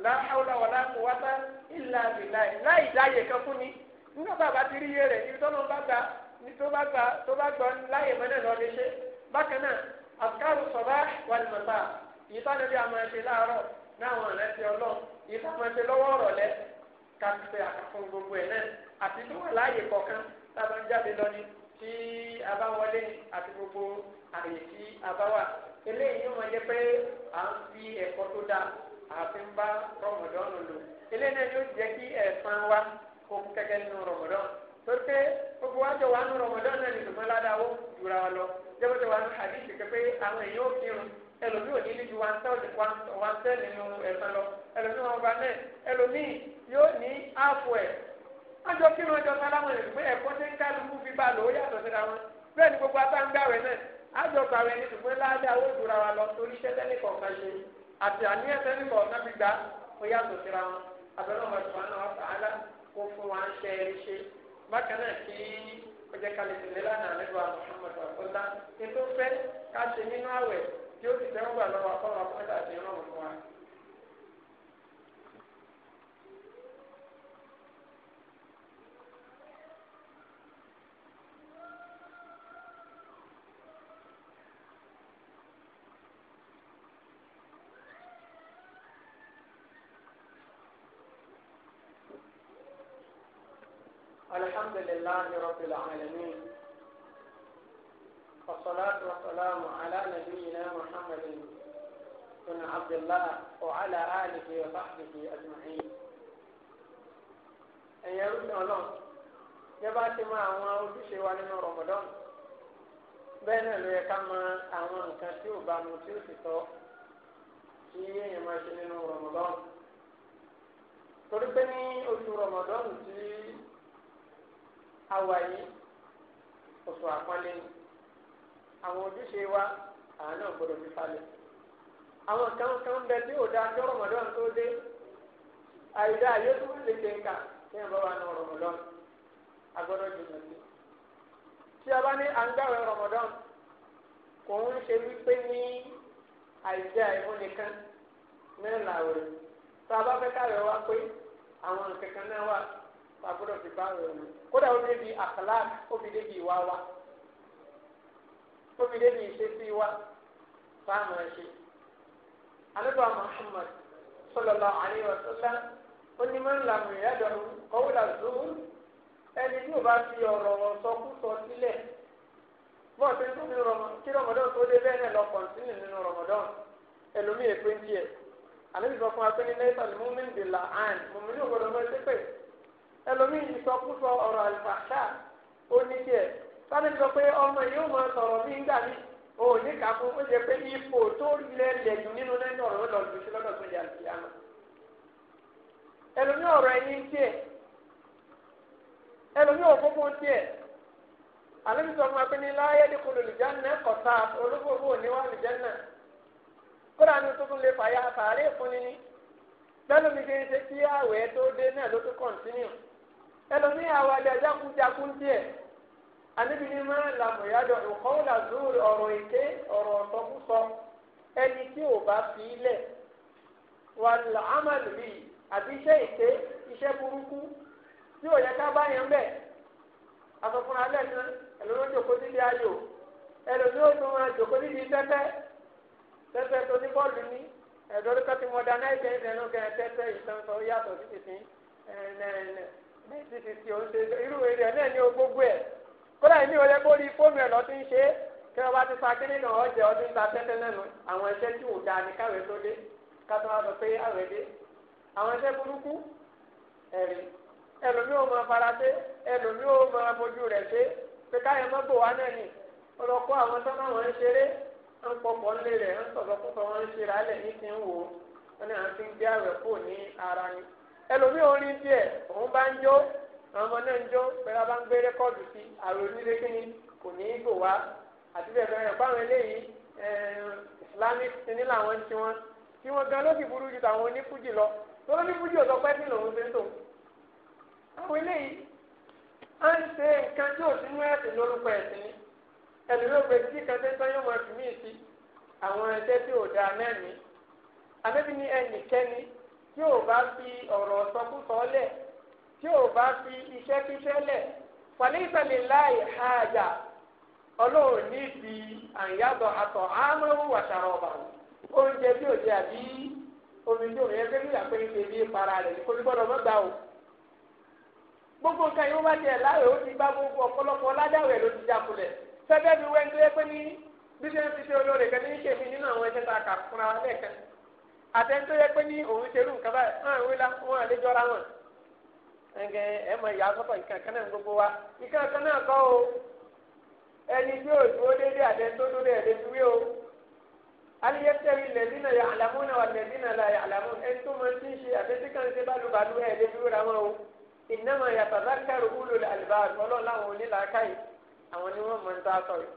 Speaker 1: la hawla wala quwwata illa billah láì dáyè kan fún ni nígbà tá a bá ti rí iye rẹ̀ ibi tọ́lọ́ bá gbà ní tó bá gbà tó bá gbọ́ láyè mọ́nà lọ lè ṣe bákan náà àkàrù sọ̀bá wàlùmọ̀tà ìtànàbí àmọ́ ẹ̀ṣẹ̀ láàárọ̀ náwọn ọ̀rẹ́ ti ọlọ́run náà àti tó wà láàyè kọ̀ọ̀kan tábà ń jáde lọ tí a bá wọlé àti gbogbo àyè tí a bá wà eléyìí yóò máa jẹ pé à ń fi ẹ̀kọ́ tó dáa àfi ń bá rọmọdọ́nù lò eléyìí náà yóò jẹ́ kí ẹ̀sán wa kó ń kẹ́kẹ́ nínú rọmọdọ́nù torípé gbogbo wa jọ wà nínú rọmọdọ́nù náà nínú mọ́ládàáwó jura wa lọ jẹ́bọ́tẹ̀ wa ní àdìsí pé àwọn èèyàn ò kírun ẹlòmí ò ní ní ju one thousand one thousand nínú ẹ̀sán lọ ẹlòmí wọn bá náà ẹlòmí yóò ní áàpù ẹ̀ ọjọ́ kí wọn jọ sálámù rẹ̀ pé ẹ̀kọ́ tí ń kálukú fi bá lò ó yàtọ̀ síra wọn bẹ́ẹ̀ ni gbogbo atáǹgbàwẹ̀ náà àjọ gbàwẹ̀ ni ṣùgbọ́n láàdá ó dùra wa lọ torí sẹ́tẹ́lì kọ̀ọ̀kan ṣe àti àníyàn sẹ́tẹ́lì kọ̀ọ̀kan fi gbà ó yàtọ̀ síra wọn abẹ́rẹ́ ọmọ ìṣùwọ̀n náà wọ́n fà á lá kó fún wa ń ṣe é ṣe bákan náà kí ó jẹ́ kalẹ̀ tẹ̀lé lánàá lẹ́dọ̀ àwọn ọmọdé ọ̀gbọ́n ètò fẹ́ ká ṣe nínú àwẹ̀ tí ó ti tẹ́wọ́ gbà lọ́wọ́ الحمد لله رب العالمين والصلاة والسلام على نبينا محمد بن عبد الله وعلى آله وصحبه أجمعين ẹ̀yẹ rúbin ọlọ́run yẹ bá ti mọ àwọn ojúṣe wa nínú rọmọdọ́n bẹ́ẹ̀ náà ló yẹ ká mọ àwọn nǹkan tí ò bá mu tí ó sì tọ́ kí èèyàn máa ṣe nínú rọmọdọ́n torí pé ní oṣù rọmọdọ́n tí àwa yìí oṣù àpọ́nlé ni àwọn ojúṣe wa àwọn náà gbọdọ̀ fi falẹ̀ àwọn kan kan bẹ tí ò dáa tí rọmọdọ́n tó dé àìdá yóò tún lè ṣe nǹkan tí wọn bá wà ní rọmọdọ́n agbọdọ̀ jùlọ sí tí a bá ní à ń gbàwẹ̀ rọmọdọ́n kò ń ṣe wípé ní àìsí àìfún mẹ́rin làwẹ̀ tá a bá fẹ́ káwẹ̀ wá pé àwọn nǹkan kan náà wà wà gbọ́dọ̀ fi bá rẹ̀ wò kódà ó débi àkàlàk ó fi débi ìwà wa ó fi débi ìṣesí wa fáàmù ẹ̀ṣẹ̀. àlébà Muhammad sallallahu alaihi wa sallam ó ní máa ń làmù ìyàdọ̀ kọ́wúlà zuhur ẹni tí ò bá fi ọ̀rọ̀ sọkúsọ sílẹ̀ bọ́ọ̀ tí ń tún ní rọmọdán kí rọmọdán tó dé bẹ́ẹ̀ náà lọ kọ̀ǹtínì nínú rọmọdán ẹlòmíì èpè ń tiẹ̀ àlébì sọ fún wa pé ń dè là án mọ̀mí ní ògbọ́dọ̀ mọ́ ẹsẹ̀ pé ẹlòmíì ìsọkúsọ ọ̀rọ̀ àlùfàṣà oníṣẹ́ sáré sọ pé ọmọ yóò máa sọ̀rọ̀ ní ìgbà mi ò ní kàkún ó jẹ pé ipò tó lẹ lẹ̀dù nínú lẹ́nu ọ̀rọ̀ lọ lù sí lọ́dọ̀ tó yà sí àná ẹlòmíì ọ̀rọ̀ ẹ̀yìn tiẹ̀ ẹlòmíì òfófó tiẹ̀ àlẹ́ mi sọ fún wa pé ní láyé dínkù lòlùjáná ọ̀tá olófófó níwá lòlùjáná kódà ní tuntun lè fàyà fàárẹ̀ fúnni ní lẹ́nu mi kì í ṣe kí àwẹ̀ tó dé náà ló tún kọ̀ntínú ẹlòmíì àwàdà jákujákun díẹ̀ àníbi ni máa làmọ̀ yádọ̀ ọ̀kọ́ làzúrì ọ̀rọ̀ èké ọ̀rọ̀ ọ̀sọ́kúsọ ẹni tí ò bá fi í lẹ̀ wà lámàlù bíi àbí iṣẹ́ èké iṣẹ́ burúkú tí ò yẹ ká bá yẹn bẹ̀ àtọ̀fún alẹ́ náà ẹlòmíì òjòkó nílé ayò ẹlòmíì òjò máa jòkó nílé tẹ́tẹ́ tẹ́tẹ́ tó ní bọ́ọ̀lù ní ẹ̀dọ́rúkọ ti mọ̀dánáìtì ẹ̀ bí tìtìtì òun ṣe irú eré náà ní gbogbo ẹ̀ kódà èmi ò lè bórí fóònù ẹ̀ lọ́tún ṣe é kí wọ́n bá ti fa kíní náà ọ̀jẹ̀ ọdún ta tẹ́tẹ́ náà nù àwọn iṣẹ́ tí ò dáa ní káwé tó dé kátó wá sọ pé àwẹ̀ dé àwọn iṣẹ́ burúkú ẹ̀rí ẹlòmíì ò máa fara dé ẹlòmíì ò máa bójú rẹ̀ dé pé káyọ̀ mọ́ bò wá náà nì ọlọ́kọ́ àwọn tó máa wọ́n ń ṣeré ń pọ̀pọ̀ ń lé rẹ̀ ń sọ̀rọ̀ púpọ̀ wọ́n ń ṣe ẹlòmíì orin díẹ̀ òun bá ń jó àwọn ọmọ náà ń jó pẹ̀lú abá ń gbé rẹ́kọ́ọ̀dù sí àrònílé kínní kò ní í gbò wá àti bẹ́ẹ̀ bẹ́ẹ̀ rẹ̀ fáwọn eléyìí eh, islamic ní làwọn ti wọn tí wọn gan ló sì burú ju tàwọn onífújì lọ tó lónífújì ò sọ pé kí lòun ṣe tó àwọn eléyìí á ń ṣe nǹkan tí ò sínú ẹ̀sìn lórúkọ ẹ̀sìn ni ẹlòmíì ògbé tí kan tẹ́ tán yóò mọ̀ ẹ̀sìn míì sí àwọn ẹ̀ṣẹ̀ tí ò dáa mẹ́rin àbẹ́bí ni ẹnìkẹ́ni tí o bá fi ọ̀rọ̀ sọkúsọ lẹ̀ tí o bá fi iṣẹ́ kíṣẹ́ lẹ̀ pàlẹ́sẹ̀lẹ̀ láì hájà ọlọ́run ní ti àyàbọ̀ àtọ̀ àmọ́wò wàṣàrọ̀ ọ̀bà oúnjẹ tí ò àbí omi tí òun yẹn fẹ́ nígbà pé ṣe bí para rẹ̀ kó ní gbọ́dọ̀ mọ́ gbà o. gbogbo nǹkan yìí wọ́n bá tiẹ̀ láàrẹ̀ ó ti bá gbogbo ọ̀pọ̀lọpọ̀ ládàwẹ̀ ló ti fẹ́fẹ́ mi wẹ́ńdílé pé ní bí ṣe ń fi ṣe olóore ṣèmi nínú àwọn a kà àtẹ̀ntó yẹ pé ní òun ṣerú nǹkan báyìí náà wí la wọn àlejò ara wọn ẹ̀ǹkẹ́ ẹ̀ mọ ìyá sọ́tọ̀ ìkan kan náà gbogbo wa ìkan kan náà kọ́ o ẹni tí yóò dúró dédé àtẹ̀ntó dúró ẹ̀ lè o alẹ́ tẹ̀lé lẹ́bínà yà àlàmú náà wà lẹ́bínà là yà àlàmú ẹni tó máa ti ń ṣe àtẹ̀ntó kan ṣe bálùbálù ẹ̀ lè dúró ra wọn o ìnáma yàtọ̀ lákàrò wúlò àlùbá àgbọ̀lọ́ láwọn onílàákàyè àwọn ni wọ́n mọ̀ ń ta sọ̀rọ̀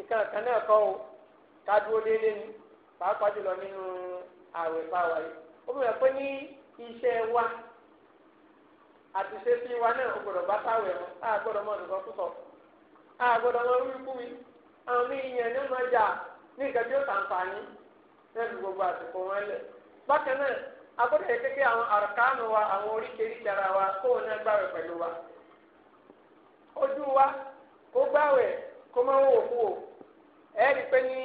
Speaker 1: ìkan kan náà kọ́ o pàápàá jùlọ nínú àwẹ̀ fáwa yìí ó pé ní iṣẹ́ wa àti ṣe fi wa náà gbọ́dọ̀ bá táwẹ̀ wọn á gbọ́dọ̀ mọ nǹkan púpọ̀ á gbọ́dọ̀ mọ orí kú mi àwọn ní ọmọ ìjà ní náà gbogbo àsìkò wọn lẹ̀ bákan náà a yẹ kékeré àwọn wa àwọn ara wa náà gbàwẹ̀ pẹ̀lú wa ojú wa kó gbàwẹ̀ kó máa wò ẹ̀ẹ́dì pé ní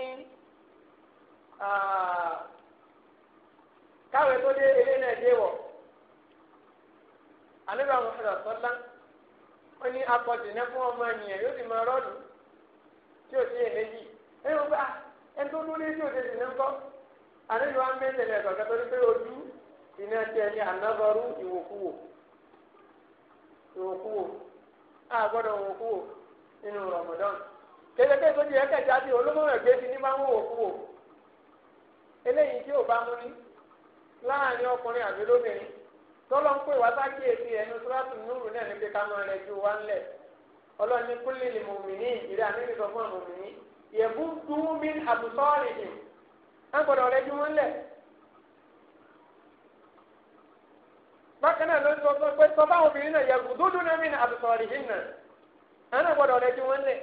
Speaker 1: káwé tó dé ilé náà dé wọ̀ àlébà wọn fẹ́ràn sọ́lá wọn ní akọ̀dìnẹ́ fún ọmọ ènìyàn yóò sì máa rọ́ọ̀dù tí ò sí èléyìí ẹ̀yìn wọn bá ẹni tó lórí tí ò sí èléyìí ńkọ́ àlébà wọn mẹ́tẹ̀lẹ̀ ẹ̀kọ́kẹ́ tó na pé ojú iná tiẹ̀ ní ànágọ́rú ìwòkúwò ìwòkúwò á gbọ́dọ̀ ìwòkúwò nínú Ramadan tó di jáde ti ní máa ń eléyìí tí bá mú láàrin ọkùnrin àbí lóbìnrin tọ́lọ́ ń pè wá sákìyèsí ẹnu sọ́láàtù núrù náà ní pé ká máa rẹ̀ ju wá ńlẹ̀ ọlọ́run ní kúlì ní mòmìnì ìrẹ́ àmì sọ fún mòmìnì yẹ̀bú dúmí àbùsọ́ọ̀rì ni á gbọ́dọ̀ rẹ̀ ju wọ́n lẹ̀. bákan náà ló sọ pé sọ fáwọn obìnrin náà yẹ̀bú dúdú náà mí àbùsọ́ọ̀rì yìí nà á náà gbọ́dọ̀ rẹ̀ ju wọ́n lẹ̀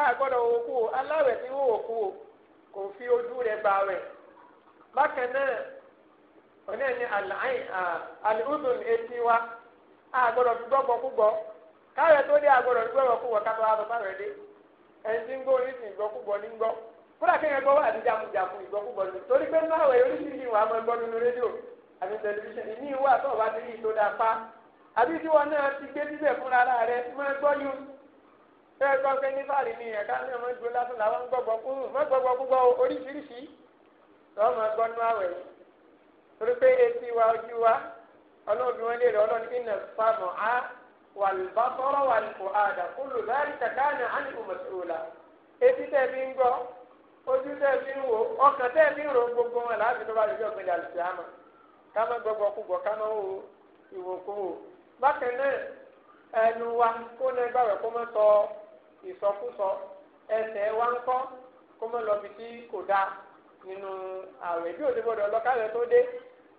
Speaker 1: á gbọ́dọ̀ wò aláwẹ̀ tí wò wò kò fi ojú rẹ̀ bá wẹ̀ bákan náà ọ̀nà ni àlùdùn etí wa àgbọ̀dọ̀ gbọ́gbọ́ kúgbọ́ káyọ̀ tó dé àgbọ̀dọ̀ gbọ́gbọ́ kúgbọ́ ká tó wá bàbá rẹ̀ dé ẹni tí ń gbọ́ orí gbọ́ kúgbọ́ ní gbọ́ kúrò kéèyàn gbọ́ àti jàmùjàmù ìgbọ́ kúgbọ́ ní torí pé nínú àwẹ̀ oríṣiríṣi wà á mọ nínú rédíò àti tẹlifíṣàn ìní ìwà tó bá ti torí pé etí wa ojú wa ọlọ́dún wọn lè rẹ ọlọ́dún kí nà fáàmù á wàlùbáfọ́rọ́ wàlùkùhádà kúlù láì kàkánà ánìkù mọ̀síwòlà etí tẹ̀ ń gbọ́ ojú tẹ̀ ń wò ọkàn gbogbo wọn láti àlùfẹ́ gbọ́gbọ́ kú gbọ́ wò bákan náà ẹnu wa kó náà gbàgbẹ́ kó sọ ìsọkúsọ ẹsẹ̀ wa kó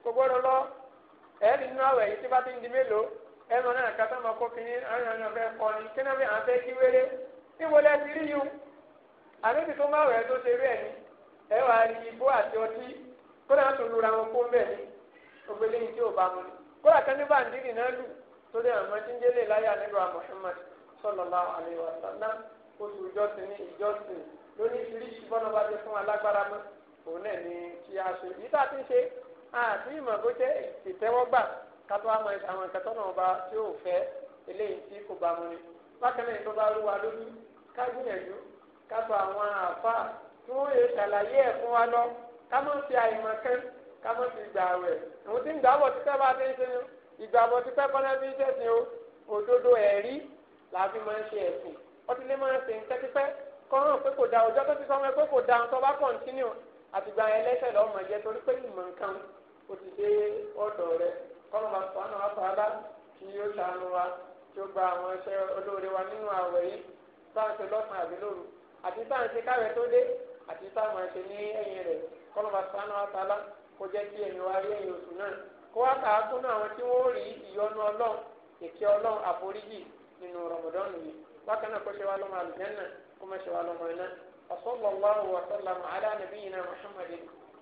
Speaker 1: kò gbọ́dọ̀ lọ ẹ̀ẹ́dì nínú àwẹ̀ yìí tí bá ti ń di mélòó ẹnu náà kátà máa kó kínní àwọn ènìyàn fẹ́ kọ́ ni kí náà fi hàn fẹ́ kí wéré níbo lẹ ti rí yìí o àlejò tó máa wẹ̀ tó ṣe rí ẹ̀ ní ẹ wàá rí ibó àti ọtí kódà tó lura wọn kó ń bẹ̀ ní ògbélé yìí tí ò bá mu ni kódà kan ní bàǹdìrì náà lù tó dé àmọ́ tí ń délé láyà nílùú Muhammad sallallahu alaihi wasallam oṣù ìjọsìn ní ìjọsìn a ṣe yìí a ti àti ìmọ̀ bó jẹ́ ìtẹ́wọ́gbà kátó àmọ́ àwọn ìkẹtọ́ náà bá tí ò fẹ́ eléyìí tí kò bá mu ni bákan náà tó bá rú wa lójú ká gbìyànjú kátó àwọn àfa tí wọ́n yẹ ṣàlàyé ẹ̀ fún wa lọ ká mọ̀ sí àìmọ̀ kan ká mọ̀ sí ìgbà rẹ̀ òun ti ń gbà bọ̀ títẹ́ bá ti ń ṣe ìgbà bọ̀ títẹ́ kọ́nà bí iṣẹ́ ti o òdodo ẹ̀rí làbí máa ń ṣe ẹ̀sìn ọtí lè máa ń ṣe nǹkan tipẹ́ kọ́ràn pé kò da ọjọ́ tó ti sọ wọn pé kò da tó bá kọ̀ntínú àtìgbà ẹlẹ́sẹ̀ lọ́mọ jẹ́ torí pé ìmọ̀ nǹkan ó ti dé ọ̀dọ̀ rẹ kọ́nà bá sọ ọ́nà àtàlá tí yóò ṣàánú wa tí ó gba àwọn iṣẹ́ olóore wa nínú àwẹ̀ yìí sáǹsì lọ́sàn-án àbí lóru àti sáǹsì káwẹ̀ tó dé àti sáwọn ẹ̀ṣẹ̀ ní ẹ̀yìn rẹ̀ kọ́nà bá sọ ọ́nà àtàlá kó jẹ́ kí ẹ̀yìn wa rí ẹ̀yìn oṣù náà kó wá kà á kún àwọn tí wọ́n rí ìyọnu ọlọ́run ìkẹ́ ọlọ́run àforíjì nínú Ramadan yìí wákàn náà kó ṣe wá lọ́mọ àlùjànnà kó